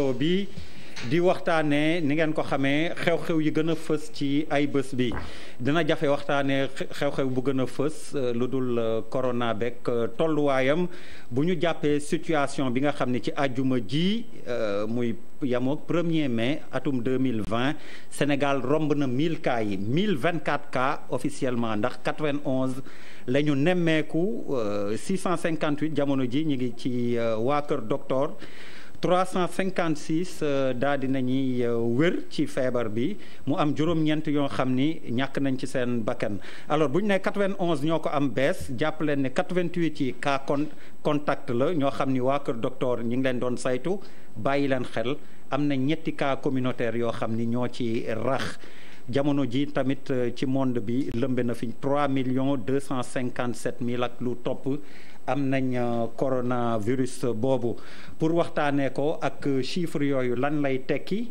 plateau bi di waxtaanee ni ngeen ko xamee xew-xew yi gën a fës ci ay bës bi dana jafe waxtaanee xew-xew bu gën a fës euh, lu dul euh, corona beeg euh, tolluwaayam bu ñu jàppee situation bi nga xam ne ci àjjuma ji muy yamook premier mai atum 2020 Sénégal romb na mille cas yi 1024 cas officiellement ndax 91 la ñu nemmeeku 658 jamono ji ñu ngi ci waa kër doctor 356 euh, daa di nañuy euh, wér ci feebar bi mu am juróom-ñeent yoo xam ni ñàkk nañ ci seen bakkan alors bu ñu nee 91 ñoo ko am bees jàpp leen ne 88 yi cas con contact la ñoo xam ni waa kër docteur ñu ngi leen doon saytu bàyyi leen xel am na ñetti cas communautaire yoo xam ni ñoo ci rax. jamono ji tamit euh, ci monde bi lëmbe na fi 3 millions 257 mille ak lu topp am nañ euh, virus boobu pour waxtaanee ko ak euh, chiffre yooyu lan lay tekki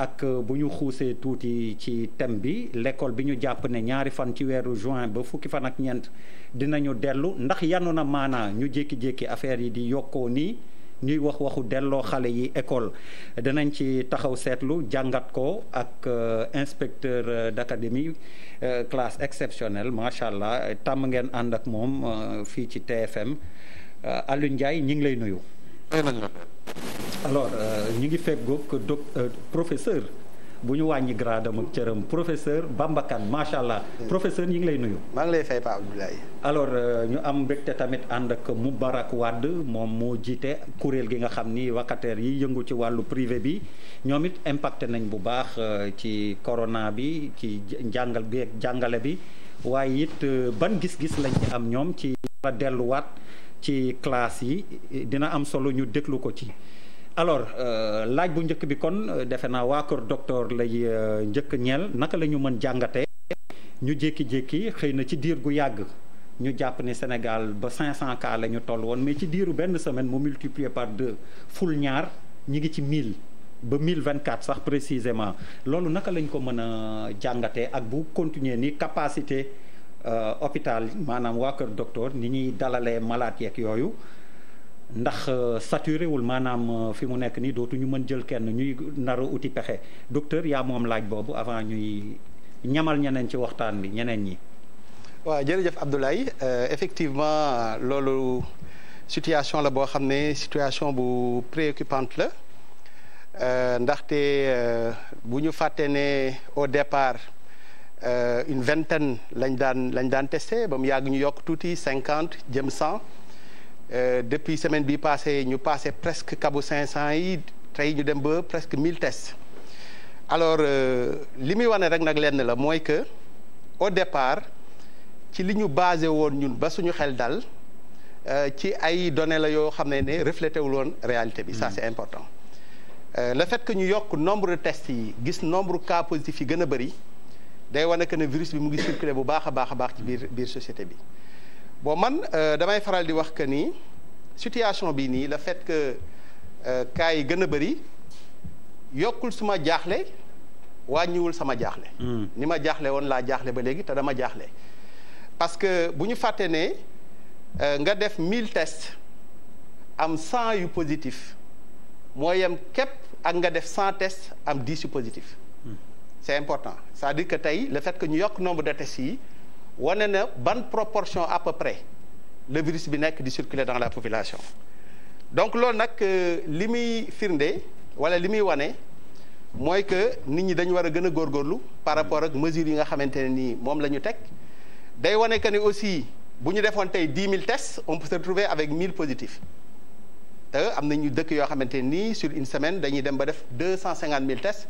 ak bu ñu xuusee tuuti ci thème bi lekkool bi ñu jàpp ne ñaari fan ci weeru juin ba fukki fan ak ñeent dinañu dellu ndax yanu na maanaa ñu jékki-jékki affaire yi di yokkoo nii ñuy wax waxu delloo xale yi école danañ ci taxaw seetlu jàngat ko ak euh, inspecteur euh, d'académie euh, classe exceptionnelle macha allah tàmm ngeen ànd ak moom fii ci TFM Alioune Ndiaye ñi ngi lay nuyu. alors ñu ngi feggoog doc professeur bu ñu wàññi gradam ak cëram professeur Bamba Kane macha allah. Hmm. professeur ñu ngi lay nuyu. maa ngi lay fay Pape Abdoulaye. alors euh, ñu am mbégte tamit ànd ak mu Moubarak wàdd moom moo jiite kuréel gi nga xam ni vacataires yi yëngu ci wàllu privé bi ñoom it impacté nañ bu baax euh, ci corona bi ci njàngal bi jàngale bi waaye it euh, ban gis-gis lañ ci am ñoom ci delluwaat ci classe yi dina am solo ñu déglu ko ci. alors euh, laaj bu njëkk bi kon euh, defe naa waa kër docteur lay euh, njëkk ñeel naka la ñu mën jàngatee ñu jékki-jékki xëy na ci diir gu yàgg ñu jàpp ne Sénégal ba 500 cas la ñu toll woon mais ci diiru benn semaine mu multiplié par deux ful ñaar ñi ngi ci mille ba mille vingt 1024 sax précisément loolu naka lañ ko mën a jàngatee ak bu continuer ni capacité hôpital maanaam waa kër docteur ni ñuy dalalee malaat yeeg yooyu. ndax euh, saturé wul maanaam euh, fi mu nekk nii dootuñu mën jël kenn ñuy nar uti pexe docteur yaa moom laaj boobu avant ñuy ñamal ñeneen ci waxtaan bi ñeneen ñi. waa jërëjëf Abdoulaye euh, effectivement loolu situation la boo xam ne situation bu préoccupante la ndaxte bu ñu fàttee ne au départ une vingtaine lañ daan lañ daan testé ba mu yàgg ñu yokk tuuti cinquante jëm cent. Euh, depuis semaine bi passé ñu passé presque kabu 500 yi tey ñu dem ba presque 1000 tests alors euh, li muy wane rek nag lenn la mooy que au départ ci li ñu base woon ñun ba suñu xel dal euh, ci ay données la yoo xam ne ne reflété wul woon réalité bi. ça hmm. c'est important le fait que ñu yokk nombre de tests yi gis nombre cas positifs yi gën a bëri day wane que ne virus bi mu ngi circulé bu baax a baax a baax ci biir biir société bi. bon man euh, damay faral di wax que nii situation bi nii la fait que euh, cas yi gën a bëri yokkul suma jaaxle wàññiwul sama jaaxle. Hmm. ni ma jaaxle woon laa jaaxle ba léegi te dama jaaxle. parce que bu ñu fàtte ne euh, nga def mille tests am cent yu positif moo yem képp ak nga def cent tests am dix yu positif. Hmm. c'est important c'est-à-dire que tey la fait que ñu yokk nombre de tests yi. wane na ban proportion à peu près le virus bi nekk di circuler dans la population donc loolu nag euh, li muy firnde wala li muy wane mooy que nit ñi dañu war a gën a góorgóorlu par rapport ak mesures yi nga xamante ne nii moom la ñu teg day wane que ni aussi bu ñu defoon tey dix mille tests on peut se retrouver avec mille positif te am na ñu dëkk yoo xamante nii sur une semaine dañuy dem ba def deux cent cinquante mille tests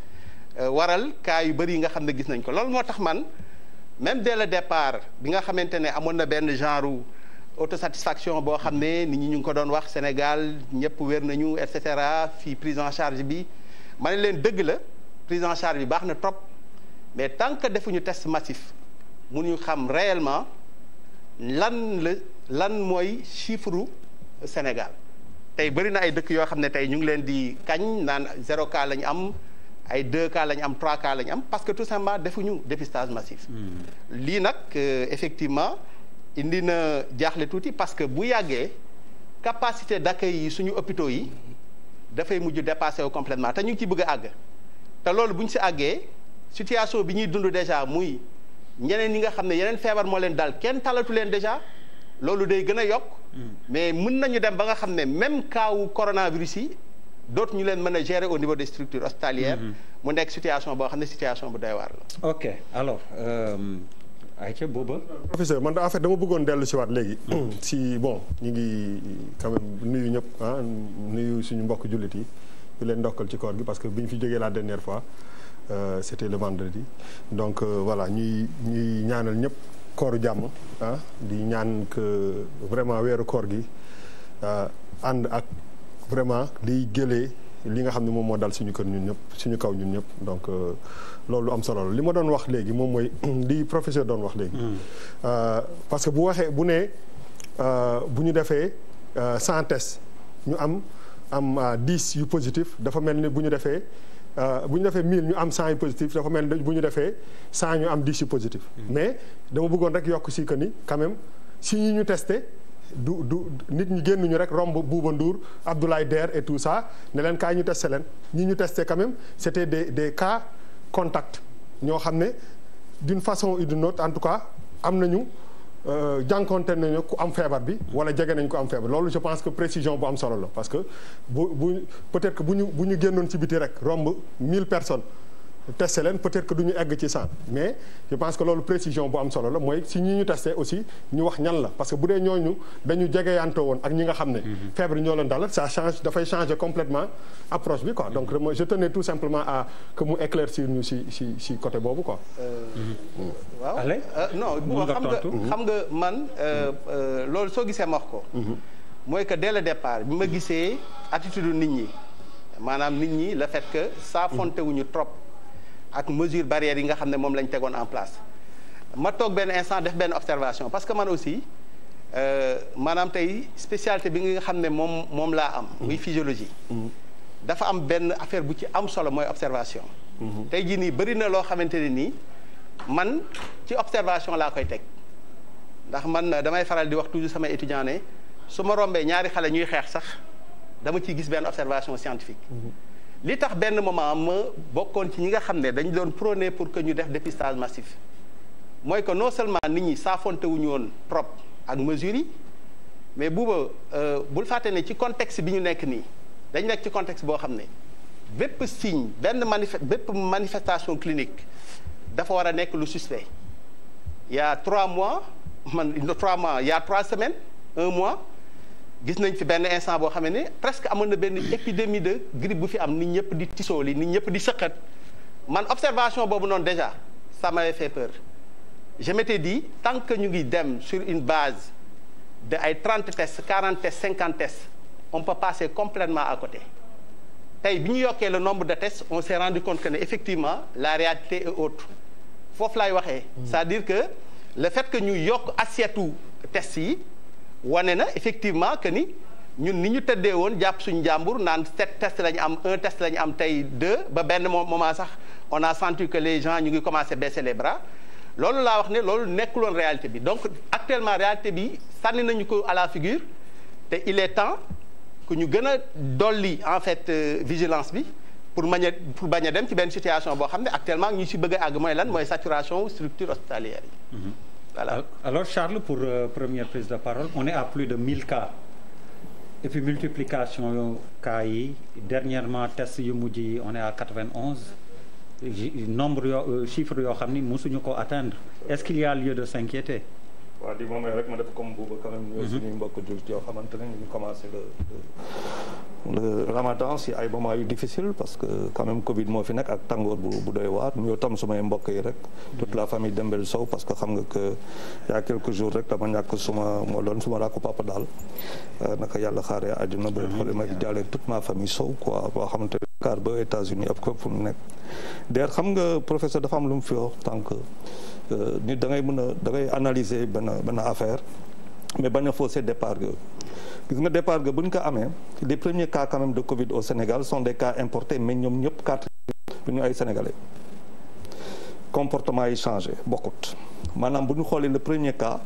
euh, waral cas yu bëri yi nga xam ne gis nañ ko loolu moo tax man. même dès le départ bi nga xamante ne amoon na benn genre auto autosatisfaction boo xam ne nit ñi ñu ngi ko doon wax Sénégal ñëpp wér nañu et cetera fii prise en charge bi ma ne leen dëgg la prise en charge bi baax na trop mais tant que defuñu test massif ñu xam réellement lan la lan mooy chiffre Sénégal tey bëri na ay dëkk yoo xam ne tey ñu ngi leen di kañ naan zéro cas la ñu am. ay deux cas la ñu am trois cas la am parce que tout simplement defuñu dépistage massif. Hmm. lii nag euh, effectivement indi na jaaxle tuuti parce que bu yàggee capacité d'accueil yi suñu hôpitaux yi dafay mujj dépassé wu complètement te ñu ngi ci bëgg àgg te loolu bu ñu si àggee situation bi ñuy dund déjà muy ñeneen yi nga xam ne yeneen feebar moo leen daal kenn talatu leen déjà loolu day gën a yokk. Hmm. mais mun nañu dem ba nga xam ne même cas wu coronavirus yi. dootu ñu leen mën a gérer au niveau des structures hospitalières. Mhm. mu nekk situation boo xam ne situation bu doy waar la. ok alors. Euh, ayca booba. professeur man en fait dama bëggoon dellu si waat léegi. Mhm. si bon ñu ngi quand même nuyu ñëpp ah nuyu suñu mbokk jullit yi di leen ndokkal ci koor gi parce que bi ñu fi jógee la dernière fois euh, c'était le vendredi donc euh, voilà ñuy ñuy ñaanal ñëpp kooru jàmm ah di ñaan que vraiment weeru koor gi ànd ak. vraiment liy gëlee li nga xam ne moom moo dal suñu kër ñun ñëpp suñu kaw ñun ñëpp donc euh, loolu am solo la li ma doon wax léegi moom mooy li professeur doon wax léegi. Mm. Euh, parce que bu waxee bu nee euh, bu ñu defee cent tests ñu am am dix yu positif dafa mel ni bu ñu defee. bu ñu defee 1000 ñu am san yu positif dafa mel ni bu ñu defee 100 ñu am 10 yu positif. Mm. mais dama bëggoon rek yokk si que ni quand si ñu testé. du du nit ñi génnuñu rek romb Bouba Ndour Abdoulaye Der et tout ça ne leen kaay ñu testé leen ñi ñu testé quand même c'était des des cas contact ñoo xam ne d'une façon ou d'une autre en tout cas am na nañu euh, jànkonte nañu ku am feebar bi wala jege nañ ko am feebar loolu je pense que précision bu am solo la parce que bu bu peut-être bu ñu bu ñu génnoon ci biti rek romb mille personnes testé leen peut-être que du ñu egg ci cent mais je pense que loolu précision bu am solo la mooy si ñi ñu testé aussi ñu wax ñan la parce que bu dee ñooñu dañu jegeyantoo woon ak ñi nga xam ne mhm. feebar ñoo leen dalal ça change dafay changer complètement approche bi quoi mhm. donc je tenais tout simplement à que mu éclaircir ñu si si si côté boobu quoi euh, mhm. waaw euh, non bu xam nga xam nga man euh, loolu soo gisee ma wax ko mooy que de le départ bi ma gisee attitude nit ñi maanaam nit ñi le fait que saa fonte wuñu trop ak mesure barrière yi nga xam ne moom lañ tegoon en place ma toog benn instant def benn observation parce que man aussi euh, maanaam tey spécialité bi nga xam ne moom moom laa am. muy mm-hmm. physiologie. Mm-hmm. dafa am benn affaire bu ci am solo mooy observation. Mm-hmm. tey jii nii bëri na loo xamante ne nii man ci observation laa koy teg ndax man damay faral di wax toujours sama étudiants ne su ma rombee ñaari xale ñuy xeex sax dama ci gis benn observation scientifique. li tax benn moment ma bokkoon ci ñi nga xam ne dañ doon proner pour que ñu def dépistage massif mooy que non seulement nit ñi saafonte wuñu woon propre ak mesures mais buuba euh, bul fàtte ne ci contexte bi ñu nekk nii dañ nekk ci contexte boo xam ne bépp signe benn manif bépp manifestation clinique dafa war a nekk lu suspect il trois mois man trois mois il trois semaines un mois gis nañ fi benn instant boo xamee ne presque amoon na benn épidémie de grippe bu fi am nit ñëpp di tisoo li nit ñëpp di sëqat man observation boobu noonu déjà ça m'avait fait peur je m'étais dit tant que ñu ngi dem sur une base de ay trente tests 40 tests 50 tests on peut passer complètement à côté tey bi ñu yokkee le nombre de tests on s'est rendu compte que ne effectivement la réalité est autre foofu laay waxee hmm. c'est-à-dire que le fait que ñu yokk assiette tests yi wane na effectivement que ni ñun ni ñu tëddee woon jàpp suñu jàmbur naan set test la ñu am un test lañu am tey deux ba benn moment sax on a senti que les gens ñu ngi commencé baisser les bras loolu laa wax ne loolu nekkuloon réalité bi donc actuellement réalité bi sànni nañu ko à la figure te il est temps ku ñu gën a dolli en fait euh, vigilance bi pour mañ a pour bañ a dem ci benn situation boo xam ne actuellement ñu si bëgg a àgg mooy lan mooy saturation structure hospitalière voilà alors Charles pour euh, première de parole on est à de 1000 cas et euh, cas yi dernièrement test yu mujj yi on est à 91 nombre yoo euh, chiffre yoo xam ni mosuñu ko atteindre est-ce de s'inquiéter waaw di moom rek ma def comme Bouba mhm. mbokk jullit yoo xamante ne ñu commencé le le ramadan si ay moment yu difficile parce que quand même Covid moo fi nekk ak tàngoor bu bu doy waar ñoo tam mbokk yi rek toute la famille Dembel Sow parce que xam nga que y a quelques jours rek dama ñàkk suma moo doon suma rakku papa daal euh, naka yàlla xaar àjjuna ba xoole ma jàllee toute ma famille Sow quoi boo xamante kaar ba États-Unis ab këpp fu nekk d'ailleurs xam nga professeur dafa am lu mu fi wax tant que euh, nit da ngay mën a da ngay analyser benn benn affaire mais bañ a fausser départ yooyu gis nga départ ga bu ñu ko amee les premiers cas quand de Covid au Sénégal son des cas importés mais ñoom ñëpp quatre bu ñu ay sénégalais comportement yi changé bokkut maanaam bu ñu xoolee le premier cas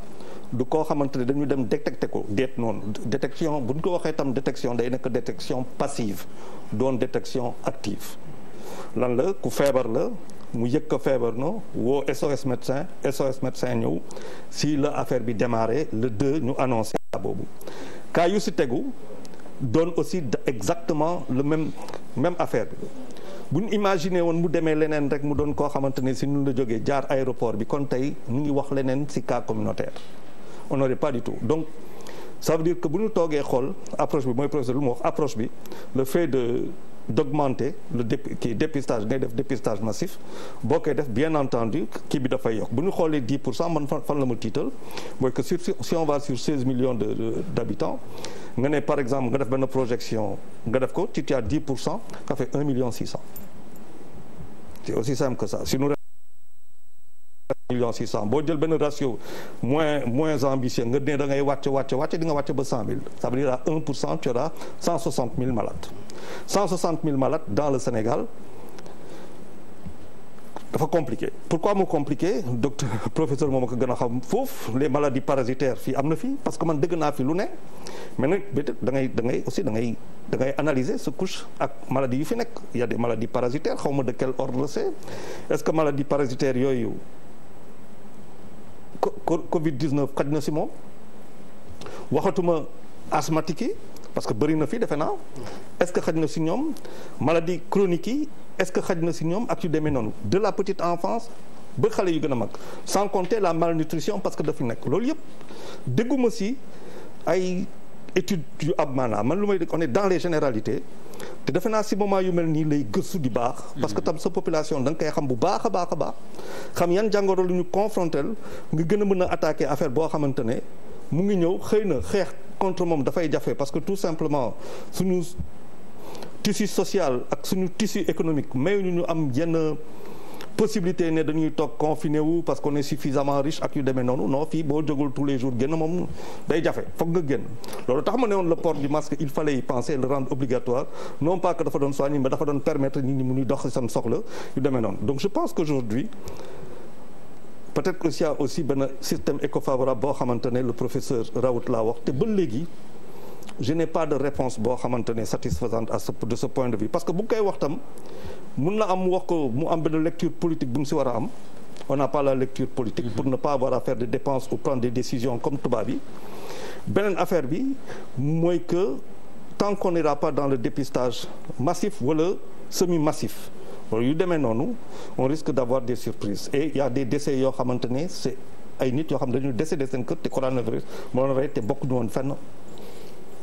du koo xamante ne dañu dem détecté ko déet noonu détection bu ñu ko waxee tam détection day nekk détection passive doon détection active lan la ku feebar la mu yëg ko feebar na woo SOS médecin SOS médecin ñëw si la affaire bi démarré le 2 ñu annoncé boobu cas yu si tegu doon aussi exactement le même même affaire bi bu ñu imaginer woon mu demee leneen rek mu doon koo xamante ne si nu la jógee jaar aéroport bi kon tey ñu ngi wax leneen si cas communautaire on n'aurait pas du tout donc ça veut dire que bu ñu toogee xool approche bi mooy professeur lu mu wax approche bi le fait de d'augmenter lu dép kii dépistage ngay def dépistage massif boo koy def bien entendu kii bi dafay yokk bu ñu xoolee 10 pour cent man fan fan la ma tiital mooy que sur si on va sur 16 millions de d'habitants nga ne par exemple nga def benn projection nga def ko tu as 10 pour cent ça fait million 600 c'est aussi simple que ça si nous million six cent boo jël benn ratio moins moins ambitieux nga ne da ngay wàcc wàcce wàcc di nga wàcc ba cent mille ça veut dire à un pour cent tu cent soixante mille malades 160 000 malades dans le Sénégal dafa compliqué pourquoi mu compliqué docteur professeur moom a ko gën a xam foofu le maladies parasitaires fii am na fii parce que man dëgg naa fi lu ne mais nag da ngay da ngay aussi dangay dangay da ngay sa couche ak maladie yu fi nekk il y a des maladies parasitaires xaw ma de quel ordre c'est est-ce que maladie parasitaire yooyu Covid xaj na si moom waxatuma asthmatique parce que bëri na fi defe naa est-ce que xaj na si ñoom maladie chronique yi est-ce que xaj na si ñoom ak yu demee noonu de la petite enfance ba xale yu gën a mag sans compter la malnutrition parce que dafa nekk loolu yëpp dégguma si ay étude yu ab maanaam man lu may dégg on est dans les généralités defe naa si moment yu nii lay gëstu di baax. parce que tam sa population da nga koy xam bu baax a baax a baax xam yan jàngoro lu ñu confrontel nga gën a mën a attaquer affaire boo xamante ne. mu ngi ñëw xëy na xeex contre moom dafay jafe parce que tout simplement suñu tissu social ak suñu tissu économique mayuñu ñu am yenn possibilité ne dañuy toog confiné wu parce qu'on est suffisamment riche ak yu demee noonu non fii boo jógul tous les jours génn moom day jafe foog nga génn loolu tax ma ne woon le port du masque il fallait y penser le rendre obligatoire non pas que dafa doon soigner mais dafa doon permettre nit ñi mu ñuy dox seen soxla yu demee noonu donc je pense qu'aujourd'hui peut-être que aussi aussi benn système écofavorable boo xamante ne le professeur Raoult laa wax te ba léegi je n'ai pas de réponse boo xamante ne satisfaisante à ce de ce point de vue parce que bu koy wax tam mun na am wax ko mu am benn lecture politique bu mu si war a am on n'a pas la lecture politique pour ne pas avoir à faire des dépenses ou prendre des décisions comme tubaab bi beneen affaire bi mooy que tant qu'on n'ira pas dans le dépistage massif wala semi-massif yu demee noonu on risque d'avoir des surprises et il des décès yoo xamante ne c'est ay nit yoo xam ne dañu décédé seen kër te coronavirus moo doon rey te bokk ñu woon fenn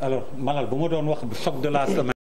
alors Malal bu ma doon wax choc de la semaine